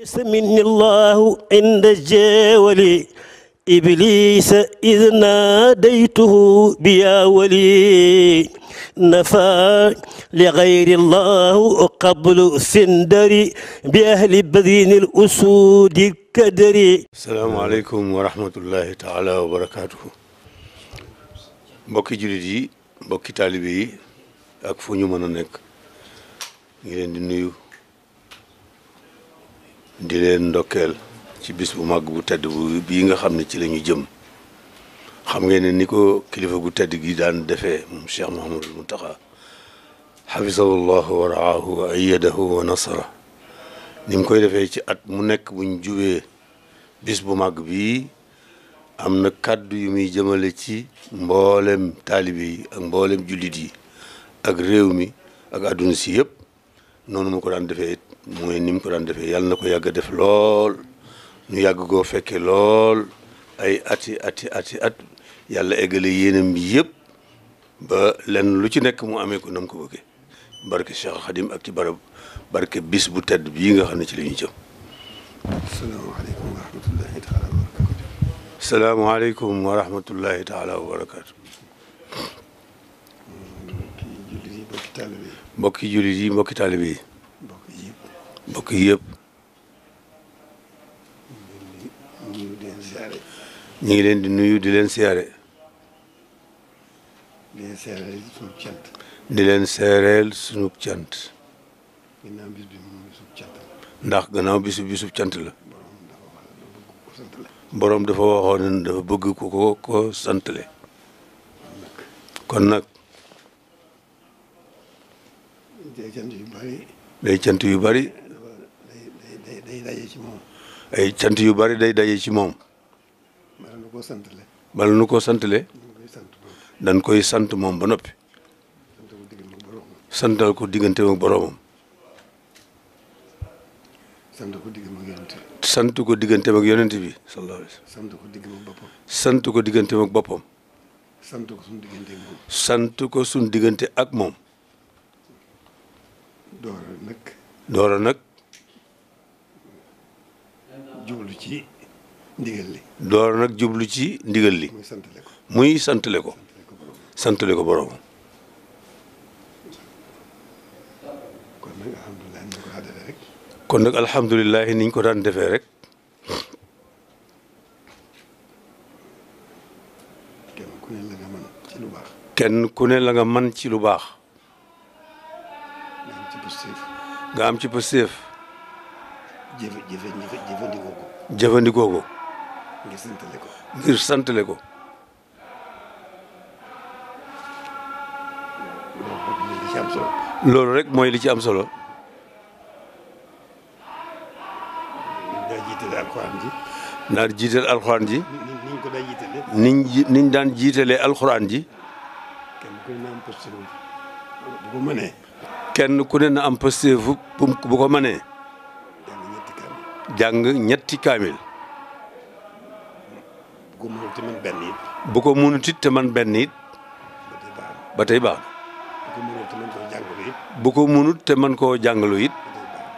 يسمني الله عند الجاول إبليس إذ ناديته بيا ولي نفى لغير الله قبل سندري بأهل بذين الأسود الكدري السلام عليكم ورحمة الله تعالى وبركاته mbokki jullit yi mbokki taalibe yi ak fu ñu mën a nekk ngi leen di nuyu di leen ndokkeel ci bis bu màgg bu tedd bii nga xam ne ci la ñu jëm xam ngeen ne ni ko kilifa gu tedd gi daan defee moom Cheikh Mouhamadul Mountakha xafisahullahu wa raahu wa ayyadahu wa nasara ni koy defee ci at mu nekk buñ jubee bis bu màgg bii am na kàddu yu muy jëmale ci mboolem taalibe yi ak mboolem jullit yi ak réew mi ak àdduna si yëpp noonu mu ko daan defee it mooy ni mu ko daan defee yàlla na ko yàgg a def lool ñu yàgg koo fekke lool ay ati ati at yàlla eggale yéenam bi yépp ba lu ci nekk mu amee ko nam ko bëggee barke Cheikh Khadim ak ci barab barke bis bu tedd bii nga xam ne ci la ñu jëm. salaamaaleykum wa rahmatullahi taala mbokki jullit yi mbokki taalibe yi mbokk yépp ñu ngi leen di nuyu di leen siyaare di leen seereel sunu cant. di leen seereel sunu cant. ndax gannaaw bisu bisub cant la. borom dafa waxoon dafa bëgg ku ko ko santale. kon nag. day cant yu bari. day cant yu bari. daje ci moom. ay cant yu bari day daje ci moom. bala nu ko sant bala nu ko santale. dañ koy sant moom ba noppi. santal ko diggante sant ko diggante ak ko diggante ak bi sallallahu alayhi sant ko diggante boppam. sant ko diggante ko suñu diggante ak moom. doora nag. jublu ci ndigal li. nag jublu ci ndigal li. muy santale ko muy santale ko. santale ko borom. kon nag alhamdulilah niñ ko daan defee rek. kon kenn ku ne la nga man ci lu baax. ci nga am ci pëstéef. jëfe jëfe jëfandikoo ko. jëfandikoo ko. ngir santale ko. ngir santale ko. loolu rek mooy li ci am solo. daal di jiital alxuraan ji. niñ ko daan jiitalee. niñ ji niñ daan jiitalee alxuraan ji. kenn ku kenn ku ne na am posté bu bu ko mënee jàng ñetti kaamil bu ko mënut it te man benn it ba tey baax na bu ko mënut te man koo jàngalu it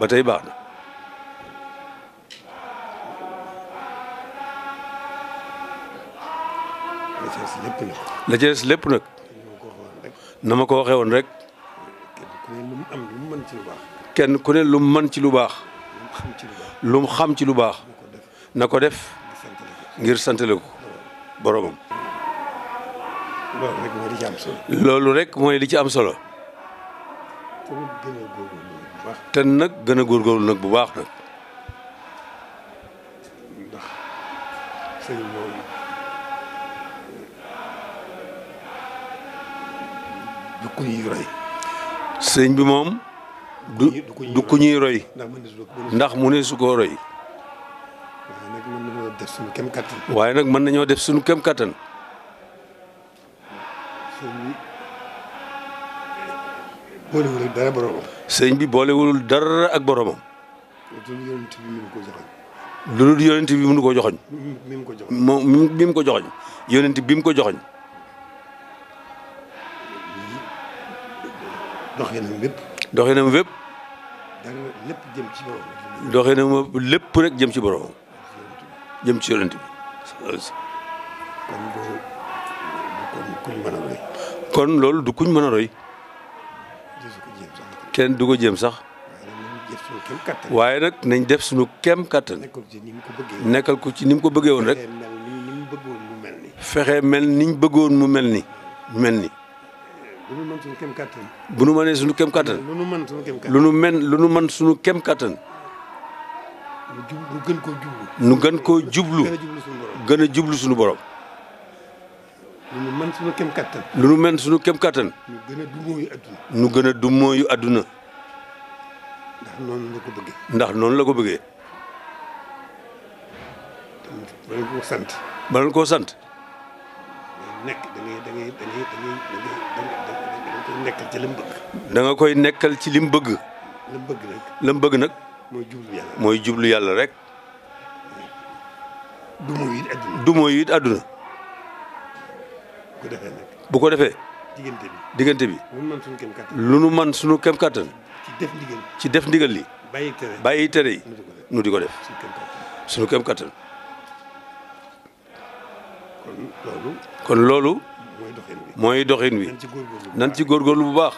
ba tey baax na la ca des lépp nag na ma ko waxee woon rek lu kenn ku ne lu mu mën ci lu baax. lu mu xam ci lu baax. na ko def ngir santale ko boromam. loolu rek mooy li ci am solo. te nag gën a góorgóorlu nag bu baax nag. sëñ bi moom du du ku ñuy roy ndax mu ne su koo roy waaye nag mën nañoo def suñu kem kattan boolewul sëñ bi boolewul dara ak boromam. lu dul yonent bi mënu ko joxoñ. mi ko joxoñ moom mi mu ko joxoñ yonent bi mu ko joxoñ. doxinam wépp. doxinam wépp. dara lépp jëm ci borom. doxinam lépp jëm ci borom. jëm ci yonent bi. kon loolu du kuñ mën a roy. kenn du ko jëm sax. waaye nag nañ def suñu kem kattan. nekkal ko ci ni mu ko bëggee woon rek. fexe mel niñ bëggoon mu mel ni mel ni. bu nu mën suñu kem kattan. bu nu mënee suñu kem kattan. lu nu mën suñu kem kattan. lu nu men lu nu mën suñu kem kattan. gën koo jublu. nu gën koo jublu. gën a jublu suñu borom. lu nu mën suñu kem kattan. lu nu mën suñu kem kattan. nu gën a dumooyu adduna. gën a dumooyu adduna. ndax noonu la ko bëggee. ndax noonu la ko bëggee. bala koo sant. bala koo sant. nekk da ngay koy nekkal ci li bëgg. da bëgg. la bëgg nag. mooy jublu yàlla rek. du mooy it àdduna bu ko defee diggante bi diggante bi. lu nu man suñu kem kattan. man suñu kem kattan. ci def ndigal li. bàyyi tere yi. nu di ko def nu di ko kem kattan. kon loolu. mooy doxin wi nan ci góorgóorlu bu baax.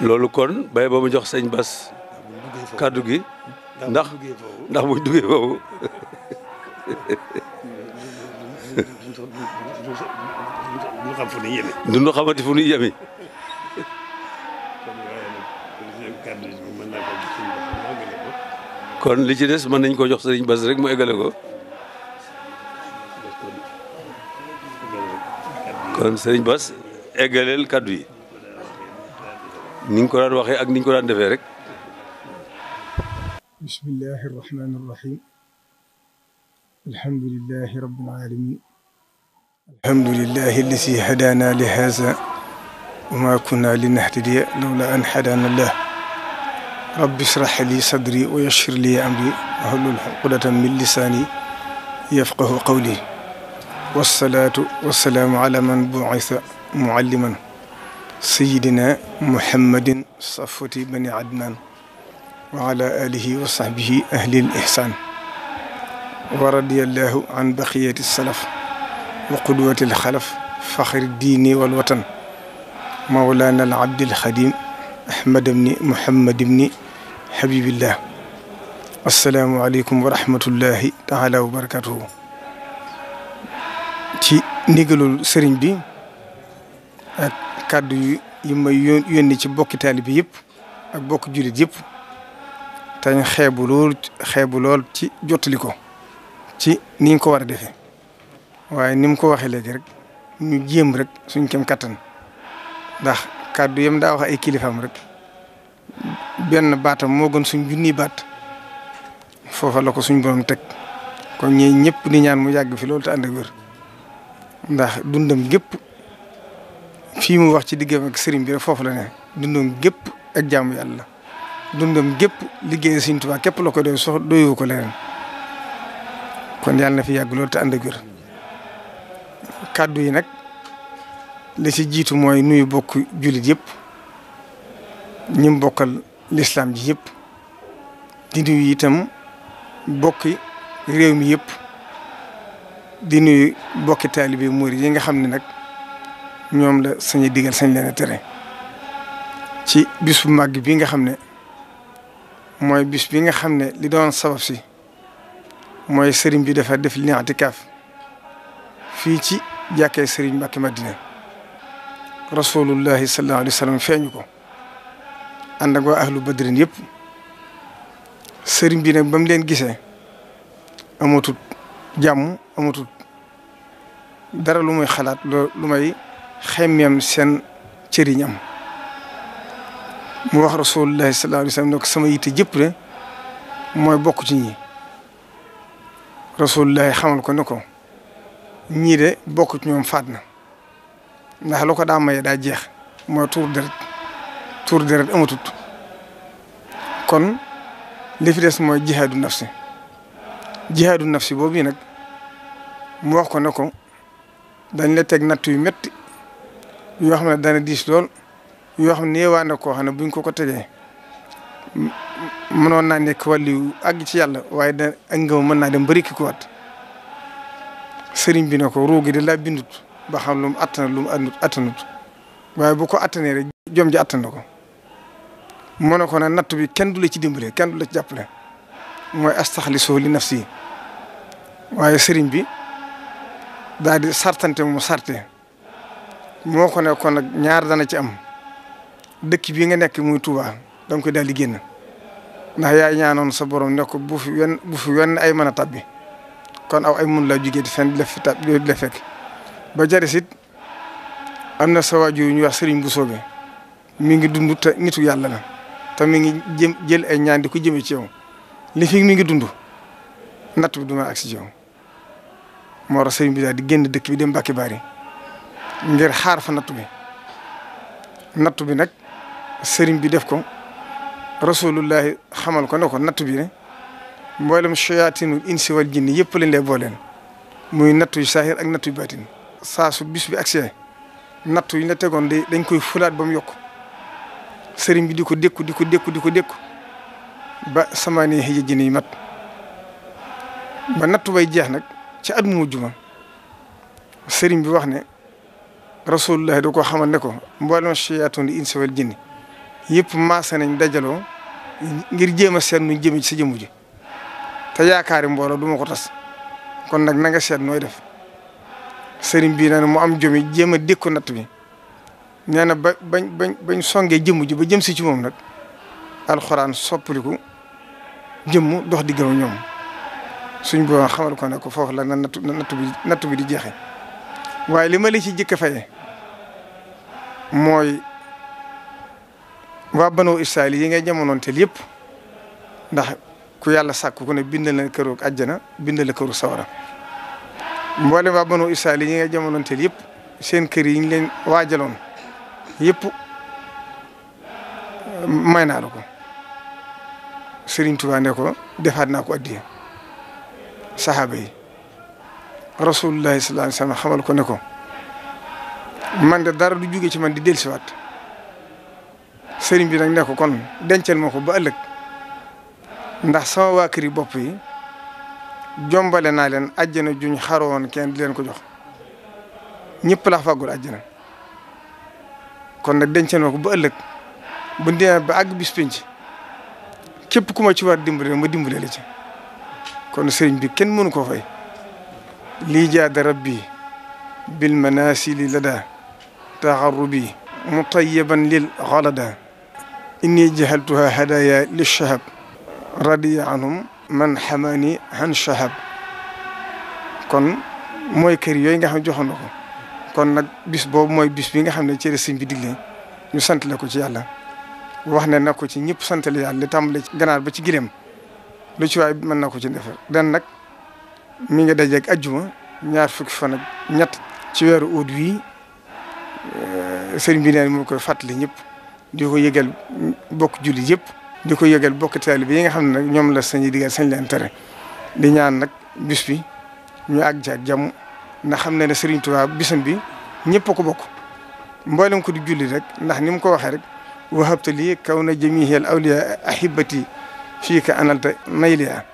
loolu kon bay ba mu jox sëñ Bas. kàddu gi ndax ndax buñ duggee foofu. duñu xam fu ñuy yemee. duñu xamante fu ñuy yemee. kon li ci des mën nañ ko jox sëriñ Bas rek mu eggale ko. kon sëriñ Bas eggaleel kaddu yi. ni ko daan waxee ak ni ko daan defee rek. bismillahi rahmaani rahim. alhamdulillahi rabbil alamin alhamdulilahi lazi hadaana li haaza wa maa kunna linahtadiya lawlaa an hadaana llaah rabbi shrah li sadri wa yassir li amri wahlul uqdatan min lisaani yafqahu qawli wassalaatu wassalaamu alaa man bu'isa mualliman sayyidina muhammadin safwati bani adnaan wa alaa aalihi wa sahbihi ahlil ihsaan wa radiyallaahu an baqiyati salaf wa qudwatil xalaf faxri diini wal watan mawlaana al abdil xadim ahmad ibni muhammad ibni habibillah assalaamu aleykum wa rahmatullahi taala wa ci ndigalul sëriñ bi ak kàddu yu yi ci bokki taalibe yëpp ak bokki jullit yëpp tañ xeebu lool ci jottali ko ci niñ ko war a defee waaye ni ko waxee léegi rek ñu jéem rek suñ kem kattan ndax kàddu yam daa wax ay kilifaam rek benn baatam moo gën suñ junni baat foofa la ko suñ borom teg kon ñi ñëpp ni ñaan mu yàgg fi loolu te ànd ak wér ndax dundam gépp fii mu wax ci diggam ak sëriñ foofu la ne dundam gépp ak jaamu yàlla dundam gépp liggéey Sëriñ Tuubaa képp la ko doy sox doyoo ko leneen kon yàlla na fi yàgg loolu te ànd ak kàddu yi nag li ci jiitu mooy nuyu bokk jullit yëpp ñim bokkal lislaam ji yëpp di nuyu itam bokki réew mi yëpp di nuyu bokki taalibe murid yi nga xam ne nag ñoom la sañu digal sañ leen tere ci bis bu màgg bi nga xam ne mooy bis bi nga xam ne li doon sabab si mooy sëriñ bi dafa def li i'tikaaf fii ci jàkkee Serigne Mbacké Madina rasulullahi sallallahu alayhi wa sallam feeñu ko ànd ak waa ahlu badrin yépp sëriñ bi nag bam leen gisee amatut jàmm amatut dara lu muy xalaat lu may xemmeem seen cëriñ am mu wax rasulullahi sallallahu alayhi wa sallam sama yitte jëpp ne mooy bokk ci ñi rasulullahi xamal ko ne ko ñii de bokk ci ñoom faat na ndax lu ko daa maye daa jeex mooy tuur deret tuur deret amatut kon li fi des mooy jihaadu nafsi jihaadu nafsi boobu yi nag mu wax ko ne ko dañ la teg natt yu metti yoo xam ne dana diis lool yoo xam ne yewaa na xam ne buñ ko ko tegee mënoon naa nekk wàllu àgg ci yàlla waaye da ak ngëm mën naa dem bari ki ko wat sëriñ bi ne ko ruugi de laa bindut ba xam lu mu attan lu mu attanut waaye bu ko attanee rek jom ji attan na ko mu ne ko nag natt bi kenn du la ci dimbale kenn du la ci jàppale mooy astaxlisoo li nafsi waaye sëriñ bi daal di sartante mu sarte moo ko ne kon nag ñaar dana ci am dëkk bii nga nekk muy Touba da nga koy di génn ndax yaay ñaanoon sa borom ne ko bu fi wenn ay mën a tabbi kon aw ay mun laa jugee di fenn di la fi ta di la fekk ba jaris it am na sa waajur yu ñuy wax Serigne Bousso bi mi ngi dund te nitu yàlla la te mi ngi jëm jël ay ñaan ko jëmee ci yow li fi mi ngi dund natt bi du ma agsi ci moo tax Serigne bi daal di génn dëkk bi dem Mbàkke Bari ngir xaar fa natt bi nattu bi nag sëriñ bi def ko rasulullahi xamal ko ne ko natt bi ne. mboolem soyaatinu insi wal jinni yëpp lañ lay booleen muy nattu yu saahir ak nattu yu baatin saa su bis akse nattu yi na tegoon de dañ koy fulaat ba mu yokk sëriñ bi di ko dékku di ko dékku di ko dékku ba sama ni jinni yi mat ba nattu bay jeex nag ci at mu mujj ma sëriñ bi wax ne rasulullah da koo xamal ne ko mboolem soyaatinu insi wal jinni yëpp maase nañ dajaloo ngir jéem a seet nu jëme ci sa jëmm ji te yaakaari mbooloo duma ko tas kon nag na nga seet nooy def sëriñ bii nee na mu am jomi jéem a dékku natt bi nee na ba bañ songee jëmm ji ba jëm si ci moom nag alxuraan soppaliku jëmm dox diggam ñoom suñ boo xamal ko ne ko foofu la na nattu nattu bi di jeexe waaye li ma la ci jëkk faye mooy waa banoo israel yi ngay jamonoonteel yëpp ndax ku yàlla sàkk ku ne bindal na këru àjjana bindal na këru sawara mboolem waa banu Israel yi nga jamonoonteel yëpp seen kër yi ñu leen waajaloon yëpp may naa la ko Sëriñ Tuubaa ne ko defaat naa ko addiya saxaaba yi rasulullahi sallallahu alayhi wa sallam ko ne ko man de dara du jóge ci man di dellusiwaat sëriñ bi nag ne ko kon dencal ma ko ba ëllëg ndax sama waa kër yi bopp yi jombale naa leen àjjana juñ xaroon kenn di leen ko jox ñëpp laa fàggul àjjana kon nag denc na ko ba ëllëg bu demee ba àgg bis penc képp ku ma ci war dimbale ma dimbale la ci kon sëriñ bi kenn mënu koo fay lii jaada rabbi bil manasili lada taxarrubi mutayiban lil xalada inni jahaltuha hadaya lilshahab radiya anhum man xamani han shahab kon mooy kër yooyu nga xam ne joxoon ko kon nag bis boobu mooy bis bi nga xam ne ci la sëñ bi digle ñu sant la ko ci yàlla wax ne na ko ci ñëpp sant la yàlla li tàmbale ci ganaar ba ci gileem lu ci waay mën na ko ci defar den nag mi ngi dajeeg ajjuma ñaar fukki fan ñett ci weeru ut wii eh, sëriñ bi neen koy fàttali ñëpp di ko yëgal bokk julli yëpp di ko yëgal bokk taalibe yi nga xam ne nag ñoom la sañi digal sañ leen tere di ñaan nag bis ñu àgg ci ak xam ne ne Serigne Touba bisam bi ñëpp ko bokk mboolem ko di julli rek ndax ni mu ko waxee rek wahabta lii kaw na jamihel awliya ahibati fii ka analta nayliya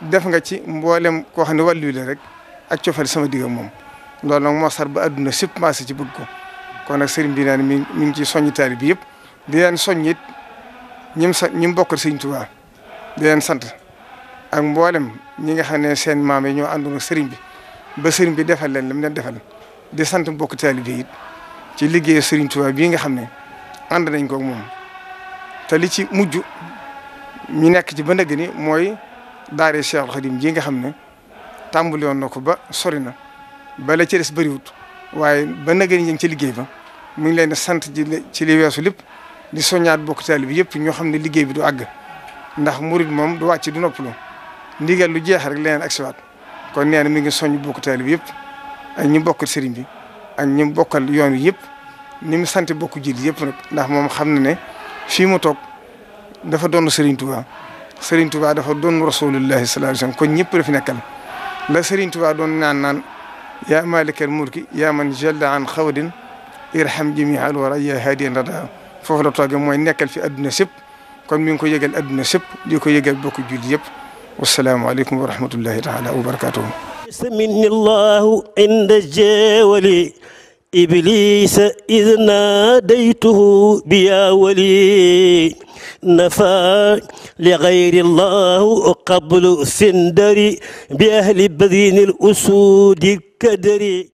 def nga ci mboolem koo xam ne wàllu la rek ak cofal sama digga moom loolu nag moo sar ba àdduna sëpp maase ci bëgg ko kon nag sëriñ bi naan mi mi ngi ciy soññ taalibe bi yëpp di ñi mu sa ñi mu bokkal sant ak mboolem ñi nga xam ne seen maam yi ñoo àndoon ak sëriñ bi ba sëriñ bi defal leen li mu leen defal di sant mbokk taalibe yi ci liggéey sëriñ Tuubaa bii nga xam ne ànd nañ ko moom te li ci mujj ñu nekk ci ba nag mooy daare Cheikh Khadim ji nga xam ne tàmbali woon na ko ba sori na bala ci des bëriwut waaye ba nag ni ñu ngi ci liggéey ba mu ngi leen sant ci li weesu lépp. di soññaat bokk taalibe bi yëpp ñoo xam ne liggéey bi du àgg ndax murit moom du wàcc du noppalu ndigal lu jeex rek leneen ak siwaat kon nee na mi ngi soññ bokk taalibe bi yëpp ak ñi bokkal sëriñ bi ak ñi bokkal yoon wi yëpp ni mu sant bokk jil yëpp ndax moom xam ne fii mu toog dafa doon sëriñ Tuubaa sëriñ Tuubaa dafa doon rasulullahi sallallahu alayhi wasallam kon ñëpp dafi nekkal la sëriñ Tuubaa doon naan naan yaa malikal mulki yaa man jalla an xawdin irham jami'al wara yaa hadiyan rada foofu la toogee mooy nekkal fi adduna sëpp kon mi ngi ko yëgal adduna sëpp di ko yëgal bokk julli yëpp wasalaamualeykum wa rahmatullahi taala wa barakatuhu samini llahu inda jeewali iblisa id naadaytuhu bi yaa wali nafa li gayri llahu qablu sindari bi ahli badini l usudi kadari